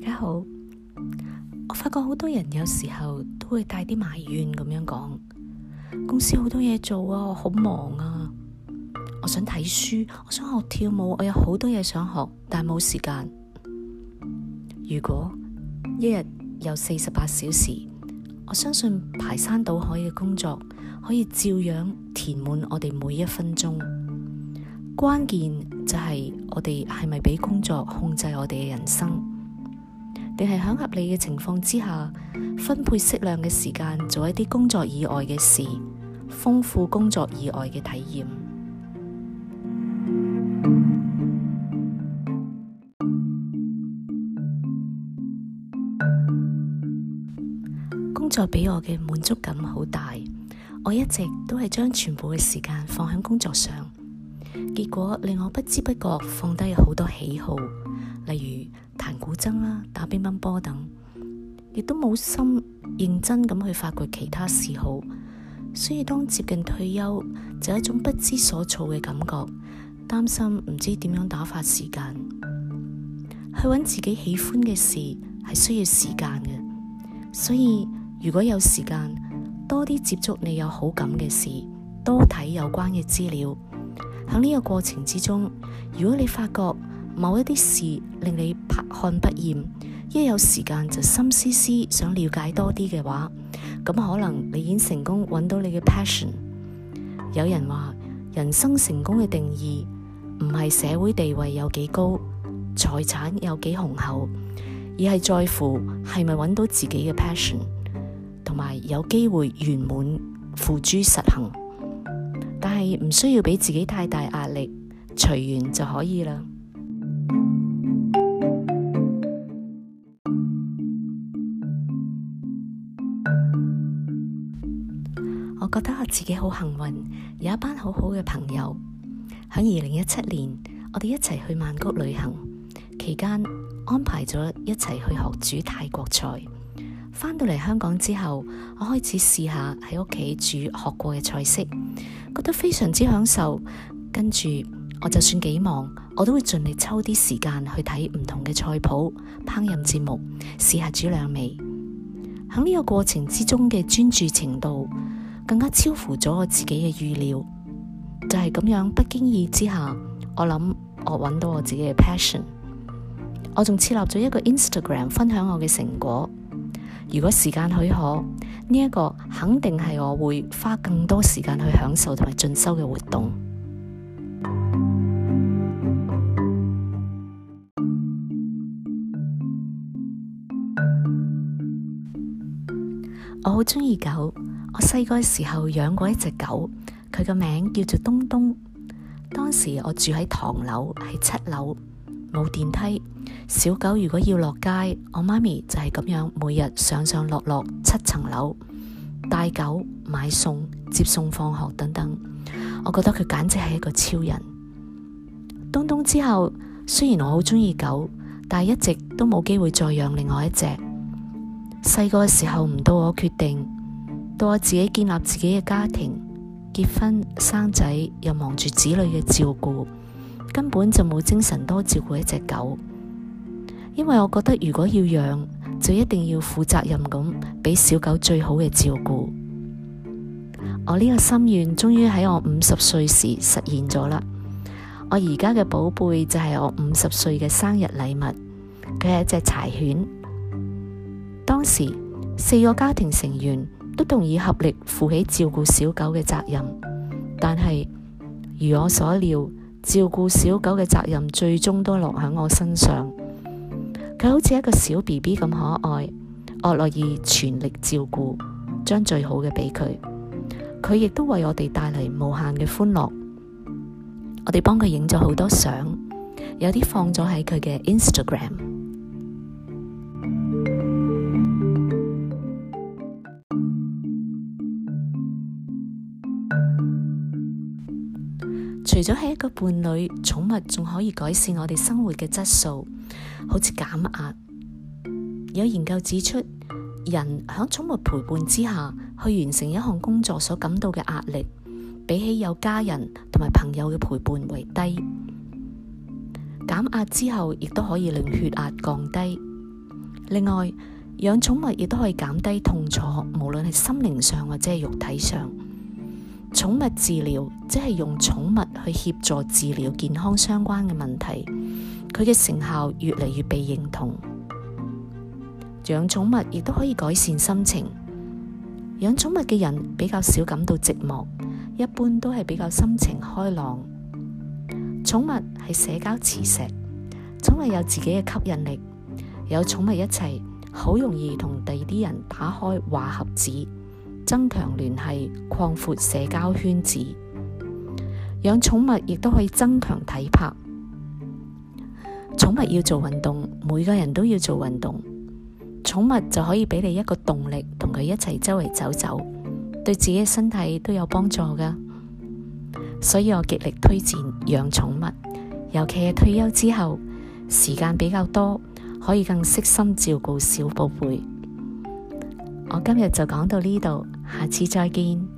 大家好，我發覺好多人有時候都會帶啲埋怨咁樣講，公司好多嘢做啊，我好忙啊。我想睇書，我想學跳舞，我有好多嘢想學，但冇時間。如果一日有四十八小時，我相信排山倒海嘅工作可以照樣填滿我哋每一分鐘。關鍵就係我哋係咪俾工作控制我哋嘅人生？定係喺合理嘅情況之下，分配適量嘅時間做一啲工作以外嘅事，豐富工作以外嘅體驗。工作俾我嘅滿足感好大，我一直都係將全部嘅時間放喺工作上，結果令我不知不覺放低好多喜好，例如。彈古箏啦，打乒乓波等，亦都冇心認真咁去發掘其他嗜好，所以當接近退休，就係一種不知所措嘅感覺，擔心唔知點樣打發時間。去揾自己喜歡嘅事係需要時間嘅，所以如果有時間，多啲接觸你有好感嘅事，多睇有關嘅資料，喺呢個過程之中，如果你發覺，某一啲事令你百看不厭，一有時間就心思思想了解多啲嘅話，咁可能你已經成功揾到你嘅 passion。有人話人生成功嘅定義唔係社會地位有幾高、財產有幾雄厚，而係在乎係咪揾到自己嘅 passion，同埋有，有機會圓滿付諸實行。但係唔需要畀自己太大壓力，隨緣就可以啦。覺得我自己好幸運，有一班好好嘅朋友。喺二零一七年，我哋一齊去曼谷旅行，期間安排咗一齊去學煮泰國菜。返到嚟香港之後，我開始試下喺屋企煮學過嘅菜式，覺得非常之享受。跟住我就算幾忙，我都會盡力抽啲時間去睇唔同嘅菜譜、烹飪節目，試下煮兩味。喺呢個過程之中嘅專注程度。更加超乎咗我自己嘅預料，就係、是、咁樣不經意之下，我諗我揾到我自己嘅 passion，我仲設立咗一個 Instagram 分享我嘅成果。如果時間許可，呢、這、一個肯定係我會花更多時間去享受同埋進修嘅活動。我好鍾意狗。我細個時候養過一隻狗，佢個名叫做東東。當時我住喺唐樓，喺七樓冇電梯。小狗如果要落街，我媽咪就係咁樣每日上上落落七層樓，帶狗買餸、接送放學等等。我覺得佢簡直係一個超人。東東之後，雖然我好鍾意狗，但係一直都冇機會再養另外一隻。細個嘅時候唔到我決定。到我自己建立自己嘅家庭，結婚生仔，又忙住子女嘅照顧，根本就冇精神多照顧一隻狗。因為我覺得如果要養，就一定要負責任咁，俾小狗最好嘅照顧。我呢個心願終於喺我五十歲時實現咗啦。我而家嘅寶貝就係我五十歲嘅生日禮物，佢係一隻柴犬。當時四個家庭成員。都同意合力負起照顧小狗嘅責任，但係如我所料，照顧小狗嘅責任最終都落喺我身上。佢好似一個小 BB 咁可愛，我樂意全力照顧，將最好嘅俾佢。佢亦都為我哋帶嚟無限嘅歡樂。我哋幫佢影咗好多相，有啲放咗喺佢嘅 Instagram。除咗係一個伴侶，寵物仲可以改善我哋生活嘅質素，好似減壓。有研究指出，人響寵物陪伴之下去完成一項工作所感到嘅壓力，比起有家人同埋朋友嘅陪伴為低。減壓之後，亦都可以令血壓降低。另外，養寵物亦都可以減低痛楚，無論係心靈上或者係肉體上。寵物治療即係用寵物去協助治療健康相關嘅問題，佢嘅成效越嚟越被認同。養寵物亦都可以改善心情，養寵物嘅人比較少感到寂寞，一般都係比較心情開朗。寵物係社交磁石，寵物有自己嘅吸引力，有寵物一齊，好容易同第二啲人打開話匣子。增強聯繫，擴闊社交圈子。養寵物亦都可以增強體魄。寵物要做運動，每個人都要做運動。寵物就可以俾你一個動力，同佢一齊周圍走走，對自己的身體都有幫助噶。所以我極力推薦養寵物，尤其係退休之後，時間比較多，可以更悉心照顧小寶貝。我今日就講到呢度，下次再見。